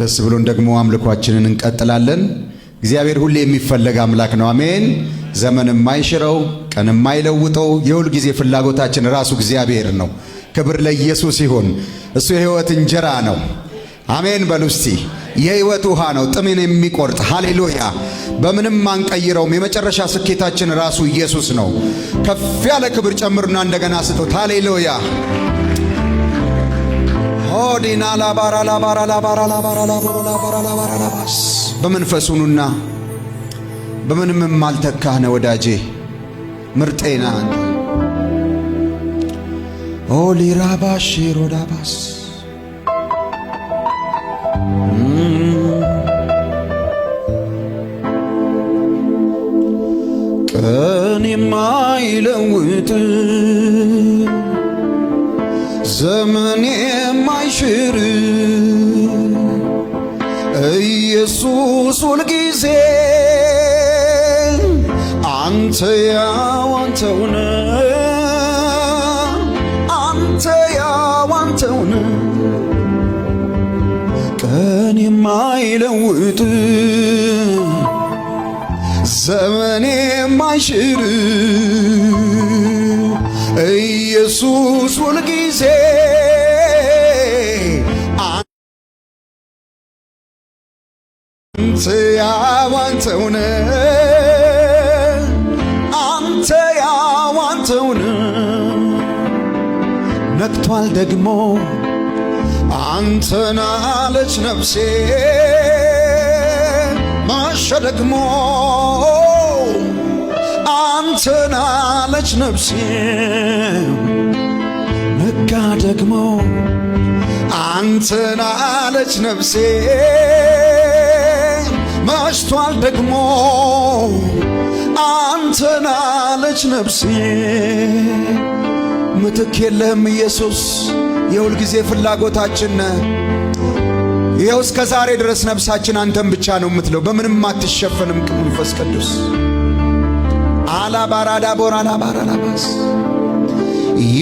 ደስ ብሎን ደግሞ አምልኳችንን እንቀጥላለን። እግዚአብሔር ሁሌ የሚፈለግ አምላክ ነው። አሜን። ዘመን የማይሽረው ቀን የማይለውጠው የሁል ጊዜ ፍላጎታችን ራሱ እግዚአብሔር ነው። ክብር ለኢየሱስ ይሁን። እሱ የህይወት እንጀራ ነው። አሜን በሉ እስቲ። ውሃ ነው፣ ጥምን የሚቆርጥ ሃሌሉያ። በምንም አንቀይረውም። የመጨረሻ ስኬታችን ራሱ ኢየሱስ ነው። ከፍ ያለ ክብር ጨምርና እንደገና ስጡት። ሃሌሉያ ሆዲና ላባራ ላባራ ላባራ ላባራ ላባራ ላባራ ላባራ ላባስ በመንፈሱኑና በምንም ማልተካህነ ወዳጄ ምርጤና አንተ ኦሊራባ ሼሮዳባስ ቀን የማይለውጥ ዘመኔ ሽር ኢየሱስ ሁልጊዜ አንተ ያው አንተው አንተ ያው አንተው ቀን የማይለውጥ ዘመን የማይሽር ኢየሱስ ሁልጊዜ ያዋንተውነ አንተ ያዋንተውነ ነክቷል ደግሞ አንተን አለች ነፍሴ ማሸ ደግሞ አንተን አለች ነፍሴ ነጋ ደግሞ አንተን አለች ነፍሴ መሽቷል ደግሞ አንተን አለች ነፍሴ ምትክ የለህም ኢየሱስ የሁልጊዜ ፍላጎታችን ይኸው እስከ ዛሬ ድረስ ነፍሳችን አንተን ብቻ ነው የምትለው በምንም አትሸፈንም መንፈስ ቅዱስ አላባራዳ ቦራ አላባራዳባስ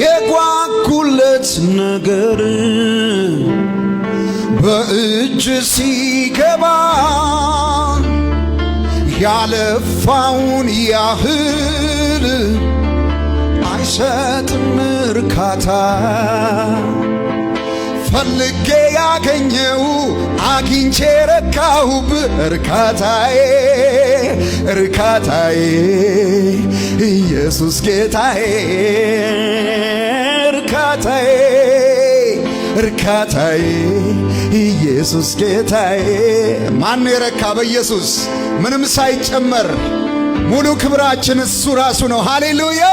የጓጉለት ነገር በእጅ ሲገባ ያለፋውን ያህል አይሰጥም እርካታ። ፈልጌ ያገኘው አግኝቼ ረካሁብ እርካታዬ እርካታዬ ኢየሱስ ጌታዬ እርካታዬ እርካታዬ ኢየሱስ ጌታዬ። ማን የረካ በኢየሱስ ምንም ሳይጨመር ሙሉ ክብራችን እሱ ራሱ ነው። ሃሌሉያ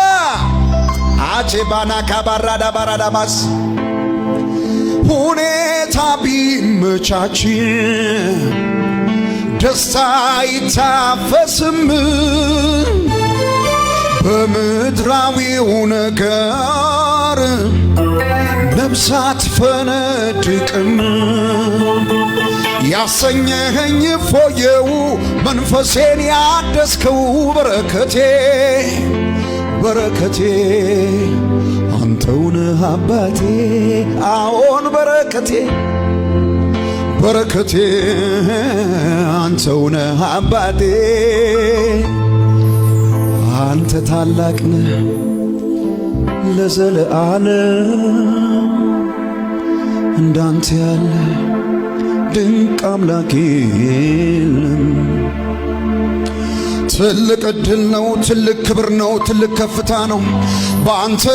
አቼ ባና ካባራዳ ባራዳማስ ሁኔታ ቢመቻች ደስታ አይታፈስም በምድራዊው ነገር መብሳት ፈነድቅም ያሰኘኸኝ ፎየው መንፈሴን ያደስከው በረከቴ በረከቴ አንተውን አባቴ አዎን በረከቴ በረከቴ አንተውነ አባቴ አንተ ታላቅ ነህ። ለዘለዓለም እንዳንተ ያለ ድንቅ አምላክ የለም። ትልቅ እድል ነው፣ ትልቅ ክብር ነው፣ ትልቅ ከፍታ ነው በአንተ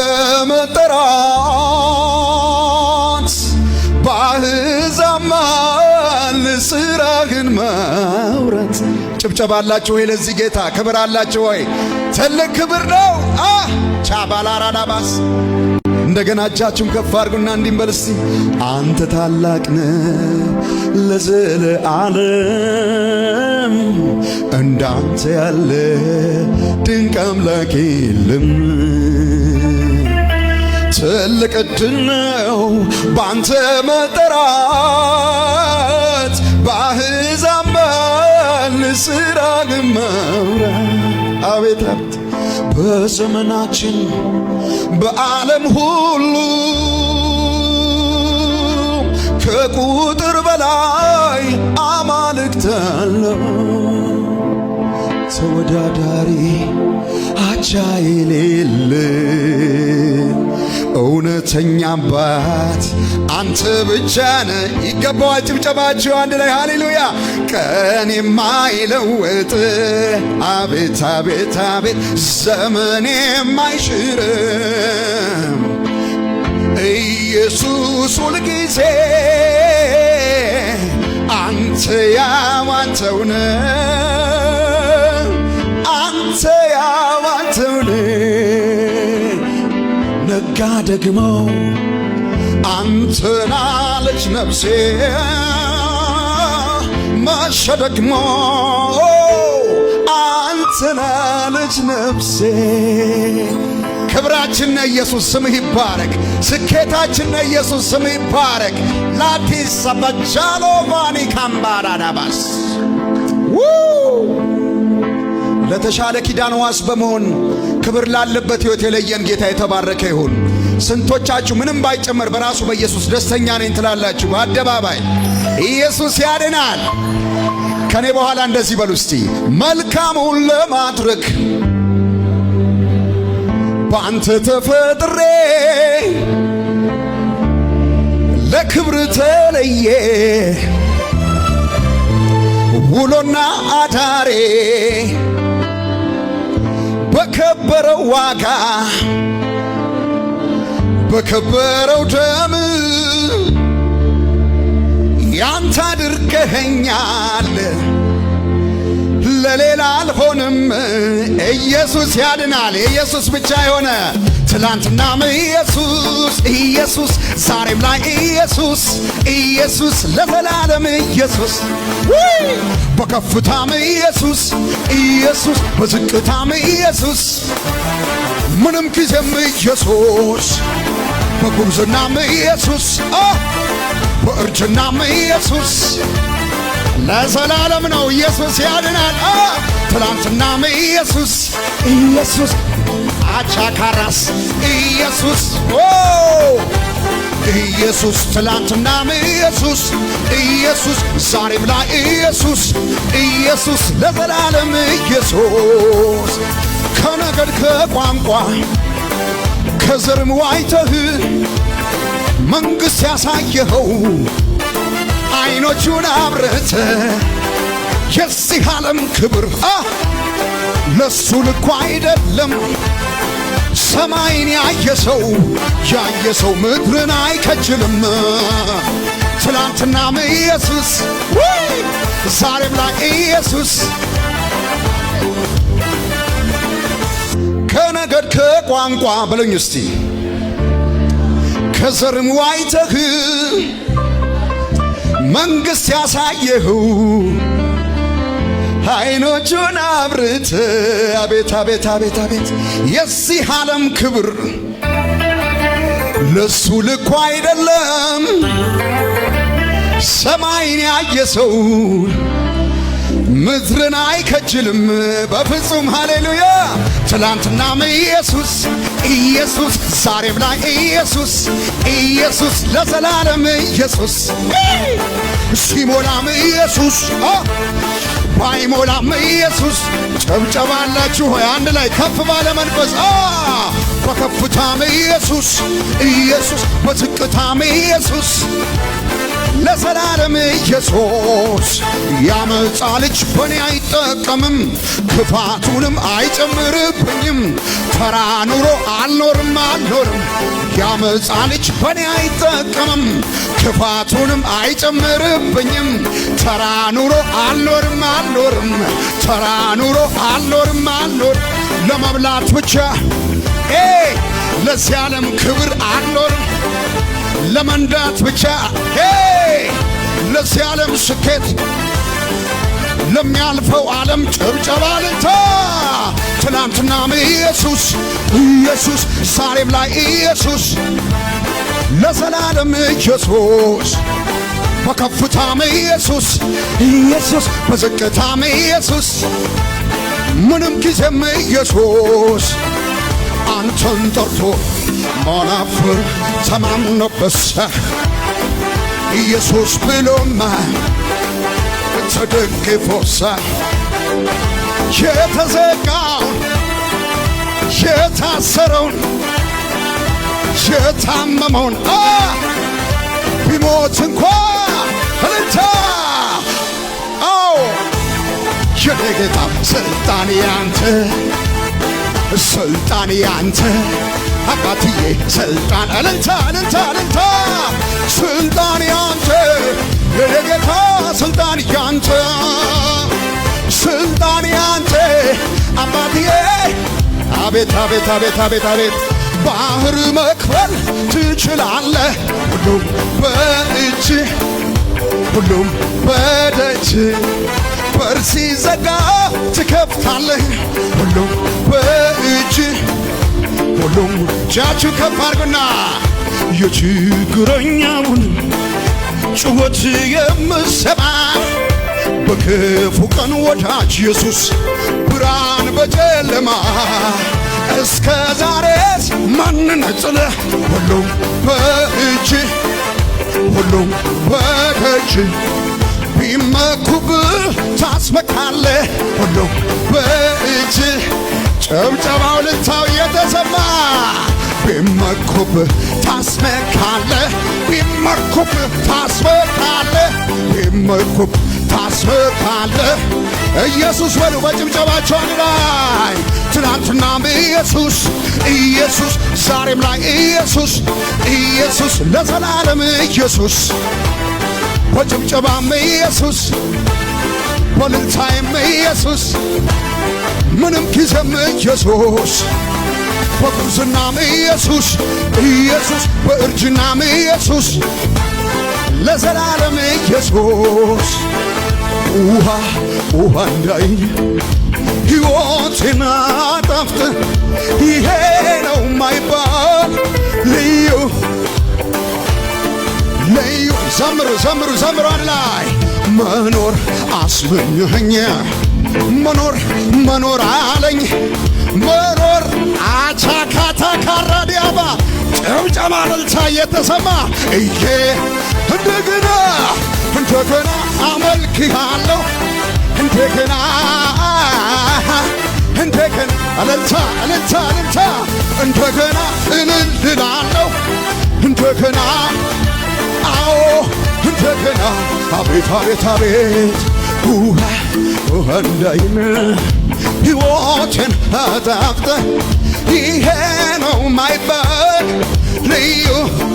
መጠራት ባሕዛማል ስራህን ማውራት ጭብጨባ አላችሁ ወይ? ለዚህ ጌታ ክብር አላችሁ ወይ? ትልቅ ክብር ነው። አ ቻባላራዳባስ እንደገና እጃችሁን ከፍ አድርጉና እንዲንበልሲ አንተ ታላቅ ነህ ለዘለ ዓለም እንዳንተ ያለ ድንቅ አምላክ የለም። ትልቅ እድል ነው ባንተ መጠራት፣ በአሕዛብ መሃል ስራህን መብራት። አቤት አቤት በዘመናችን በዓለም ሁሉ ከቁጥር በላይ አማልክት አለው። ተወዳዳሪ አቻ የሌለ እውነተኛ አባት አንተ ብቻ ነ ይገባዋል። ጭብጨባችሁ አንድ ላይ ሃሌሉያ። ቀን የማይለውጥ አቤት አቤት አቤት ዘመን የማይሽርም ኢየሱስ ሁልጊዜ አንተ ያማንተውነ ደግሞ አንተን አለች ነፍሴ መሸ ደግሞ አንተን አለች ነፍሴ። ክብራችን ኢየሱስ ስምህ ይባረክ። ስኬታችን ኢየሱስ ስምህ ይባረክ። ላቲስ ሰበጃሎ ባኒ ካምባራዳባስ ለተሻለ ኪዳን ዋስ በመሆን ክብር ላለበት ሕይወት የለየን ጌታ የተባረከ ይሁን። ስንቶቻችሁ ምንም ባይጨመር በራሱ በኢየሱስ ደስተኛ ነኝ ትላላችሁ? በአደባባይ ኢየሱስ ያድናል። ከኔ በኋላ እንደዚህ በሉ እስቲ መልካሙን ለማድረግ በአንተ ተፈጥሬ ለክብር ተለየ ውሎና አዳሬ በከበረው ዋጋ በከበረው ደም ያንተ አድርገኸኛል። ለሌላ አልሆንም። ኢየሱስ ያድናል። ኢየሱስ ብቻ የሆነ ትላንትናም ኢየሱስ ኢየሱስ ዛሬም ላይ ኢየሱስ ኢየሱስ ለዘላለም ኢየሱስ በከፍታም ኢየሱስ ኢየሱስ በዝቅታም ኢየሱስ ምንም ጊዜም ኢየሱስ በጉብዝናም ኢየሱስ በእርጅናም ኢየሱስ ለዘላለም ነው ኢየሱስ ያድናል። ትላንትናም ኢየሱስ ኢየሱስ አቻካራስ ኢየሱስ ኢየሱስ ትላንትናም ኢየሱስ ኢየሱስ ዛሬም ላይ ኢየሱስ ኢየሱስ ለዘላለም ኢየሱስ ከነገድ ከቋንቋ ከዘርም ዋይተህ መንግሥት ያሳየኸው አይኖቹን አብረተ የዚህ ዓለም ክብር ለሱ ልኳ አይደለም ሰማይን ያየ ሰው ያየ ሰው ምድርን አይከችልም ትላንትናም ኢየሱስ ዛሬም ላይ ኢየሱስ ከነገድ ከቋንቋ በለኝ እስቲ ከዘርም ዋይተህ መንግሥት ያሳየኸው አይኖቹን አብርት አቤት አቤት አቤት አቤት የዚህ ዓለም ክብር ለሱ ልኩ አይደለም። ሰማይን ያየ ሰው ምድርን አይከጅልም በፍጹም ሃሌሉያ። ትላንትናም ኢየሱስ ኢየሱስ ዛሬም ላይ ኢየሱስ ኢየሱስ ለዘላለም ኢየሱስ ሲሞላም ኢየሱስ ባይሞላም ኢየሱስ ጨብጨባላችሁ ሆይ አንድ ላይ ከፍ ባለ መንፈስ በከፍታም ኢየሱስ ኢየሱስ በዝቅታም ኢየሱስ ለዘላለም ኢየሱስ ያመጻ ልጅ በኔ አይጠቀምም፣ ክፋቱንም አይጨምርብኝም። ተራ ኑሮ አልኖርም አልኖርም። ያመጻ ልጅ በኔ አይጠቀምም፣ ክፋቱንም አይጨምርብኝም። ተራ ኑሮ አልኖርም አልኖርም። ተራ ኑሮ አልኖርም አልኖርም። ለመብላት ብቻ ለዚህ ዓለም ክብር አልኖርም ለመንዳት ብቻ ለዚህ ዓለም ስኬት ለሚያልፈው ዓለም ጭብጨባ ልታ ትናንትናም ኢየሱስ ኢየሱስ ዛሬም ላይ ኢየሱስ ለዘላለም ኢየሱስ በከፍታም ኢየሱስ ኢየሱስ በዝቅታም ኢየሱስ ምንም ጊዜም ኢየሱስ አንተን ጠርቶ መናፍር ተማምኖ በሳ ኢየሱስ ብሎማ ተደግፎሳ የተዘጋውን የታሰረውን የታመመውን ቢሞት እንኳ እልልታ አዎ የኔ ጌታ ስልጣን ያንተ ስልጣን ያንተ አባትዬ ስልጣን አለንታ አለንታ አለንታ ስልጣን ያንተ የደጌታ ስልጣን ያንተ ስልጣን ያንተ አባትዬ አቤት አቤት አቤት አቤት አቤት ባህር መክፈል ትችላለህ ሁሉም በእጅ ሁሉም በደጅ በር ሲዘጋ ትከፍታለህ ሁሉም እጃችሁ ከፍ አድርጉና የችግረኛውን ጩኸት የምሰማ በክፉ ቀን ወዳጅ ኢየሱስ ብርሃን በጨለማ እስከ ዛሬስ ማንን ጥለህ ሁሉም በእጅ ሁሉም በደጅ ቢመኩብህ ታስመካለህ ሁሉም በእጅ ጨብጨባው ልታዊ ከተማ ቢመኩብ ታስመካለ ቢመኩብ ታስመካለ ቢመኩብ ታስመካለ ኢየሱስ በሉ በጭብጨባቸውን ላይ ትናንትናም ኢየሱስ ኢየሱስ ዛሬም ላይ ኢየሱስ ኢየሱስ ለዘላለም ኢየሱስ በጭብጨባም ኢየሱስ በልልታይም ኢየሱስ ምንም ጊዜም ኢየሱስ በጉርዝናም ኢየሱስ ኢየሱስ በእርጅናም ኢየሱስ ለዘላለም ኢየሱስ ውሃ ውሃ እንዳይ ሕይወቴን አጣፍጥ ይሄ ነው ማይባል ልዩ ልዩ ዘምር ዘምር ዘምር ላይ መኖር አስመኘኸኝ መኖር መኖር አለኝ መሮር አቻካታ ካራዲያባ ጭብጨባ እልልታ የተሰማ እዬ እንደገና እንደገና አመልክሃለሁ እንደገና እንደገና እልልታ እልልታ እልልታ እንደገና እልልላለሁ እንደገና አዎ እንደገና አቤት አቤት አቤት ውሃ ውሃ እንዳይል ሕይወቴን አጣፍጠ ይሄ ነው ማይባል ልዩ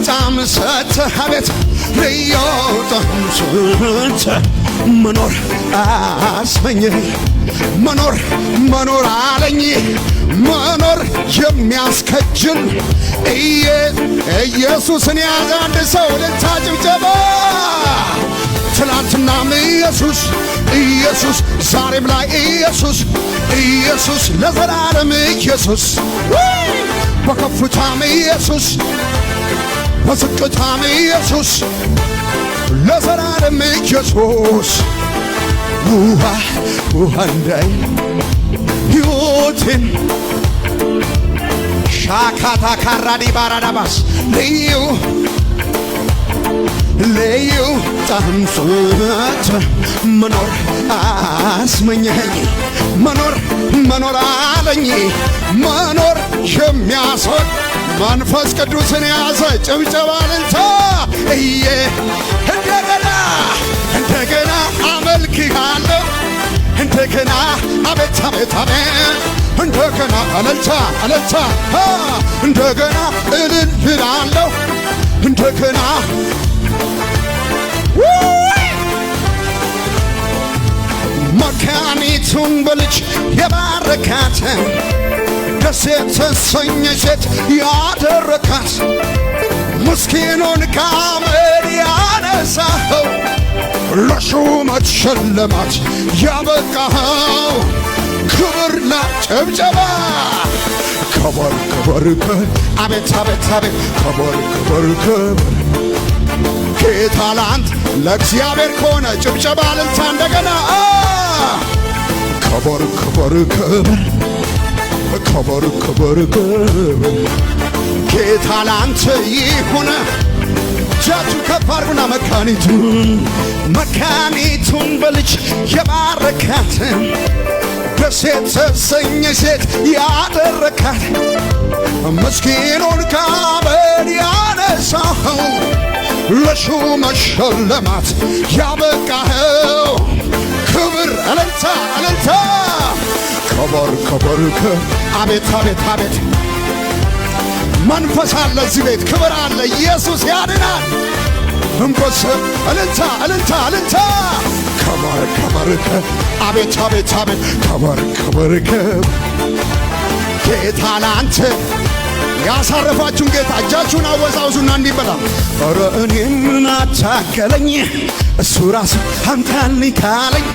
ጣም ሰተ አቤት ልዩ ጣም ሰተ መኖር አስመኝ መኖር መኖር አለኝ መኖር የሚያስከጅል ኢየሱስን ያዘ አንድ ሰው ልታጭብጨባ ትላንትናም ኢየሱስ ኢየሱስ ዛሬም ላይ ኢየሱስ ኢየሱስ ለዘላለም ኢየሱስ በከፍታም ኢየሱስ በዝቅታም ኢየሱስ ለዘላለም ኢየሱስ ውሃ ውሃ እንዳይ ሕይወቴን ሻካታ ካራዲ ባራዳባስ ልዩ ልዩ ጣንፎት መኖር አስመኘኝ መኖር መኖር አለኝ መኖር የሚያስወድ መንፈስ ቅዱስን የያዘ ጭብጨባ ልልታ እዬ እንደገና እንደገና አመልክሃለሁ እንደገና አቤት አቤት አቤት እንደገና አለልታ አለልታ እንደገና እልል እላለሁ እንደገና መካኒቱን በልጅ የባረካት ደስ የተሰኘ ሴት ያደረካት ምስኪኑን ካመድ ያነሳኸው ለሹመት ሽልማት ያበቃኸው ክብር ጭብጨባ ከበር ከበር ከበር አቤት አቤት አቤት ከበር ከበር ከበር ከታላንት ለእግዚአብሔር ከሆነ ጭብጨባ ልልታ እንደገና ከበር ከበር ከበር ከበር ከበር ከበር ከታላንት ይሁን እጃችሁ ከፍ አድርጉና መካኒቱን መካኒቱን በልጅ የባረካትን ደሴት ተሰኘ ሴት ያደረካት ምስኪኑን ካበድ ያነሳኸው ለሹም መሸለማት ያበቃኸው ክብር እልልታ እልልታ ክብር ክብር አቤት አቤት አቤት መንፈስ አለ እዚህ ቤት ክብር አለ ኢየሱስ ያድናል መንፈስ እልልታ እልልታ እልልታ ክብር ክብር አቤት አቤት አቤት ክብር ክብር ጌታ ላንተ ያሳረፋችሁን ጌታ እጃችሁን አወዛውዙና እንዲበላ በላ ኧረ እኔን ምን አታከለኝ እሱ ራሱ አምጣልኝ ካለኝ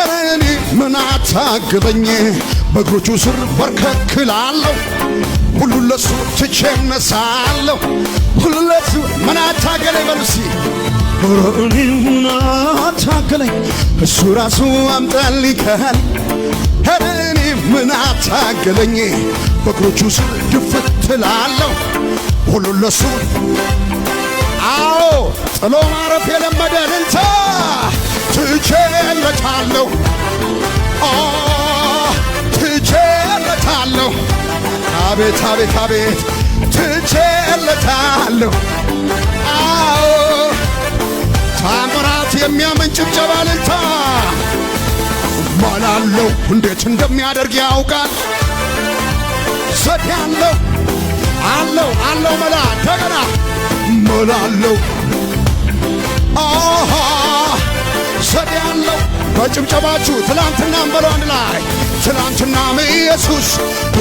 ኧረ እኔ ምን አታግለኝ በእግሮቹ ስር በርከክላለሁ ሁሉ ለሱ ትቼ እነሳለሁ ሁሉ ለሱ ምን አታገለኝ በሉሲ ኧረ እኔ ምን አታከለኝ እሱ ራሱ አምጣልኝ ካለኝ ሄረ እኔ ምን አታገለኝ በእግሮቹ ስር ድፍት ትላለሁ ሁሉን ለሱ አዎ ጥሎ ማረፍ የለመደ ልልታ ትቼለታለሁ ትቼለታለሁ አቤት አቤት አቤት ትቼለታለሁ አዎ ታምራት የሚያመን ጭብጨባ ልልታ እማላለሁ እንዴት እንደሚያደርግ ያውቃል። ሰት ያለው አለው አለው መላ እንደገና እመላለሁ አሃ ዘዴ በጭብጨባችሁ ትላንትናም በለው አንድ ላይ ትላንትናም ኢየሱስ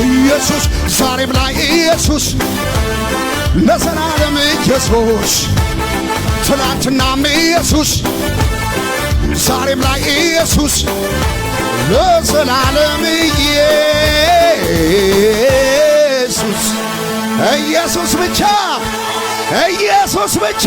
ኢየሱስ ዛሬም ላይ ኢየሱስ ለዘላለም ኢየሱስ ትላንትናም ኢየሱስ ዛሬም ላይ ኢየሱስ ለዘላለም ኢየሱስ ኢየሱስ ብቻ ኢየሱስ ብቻ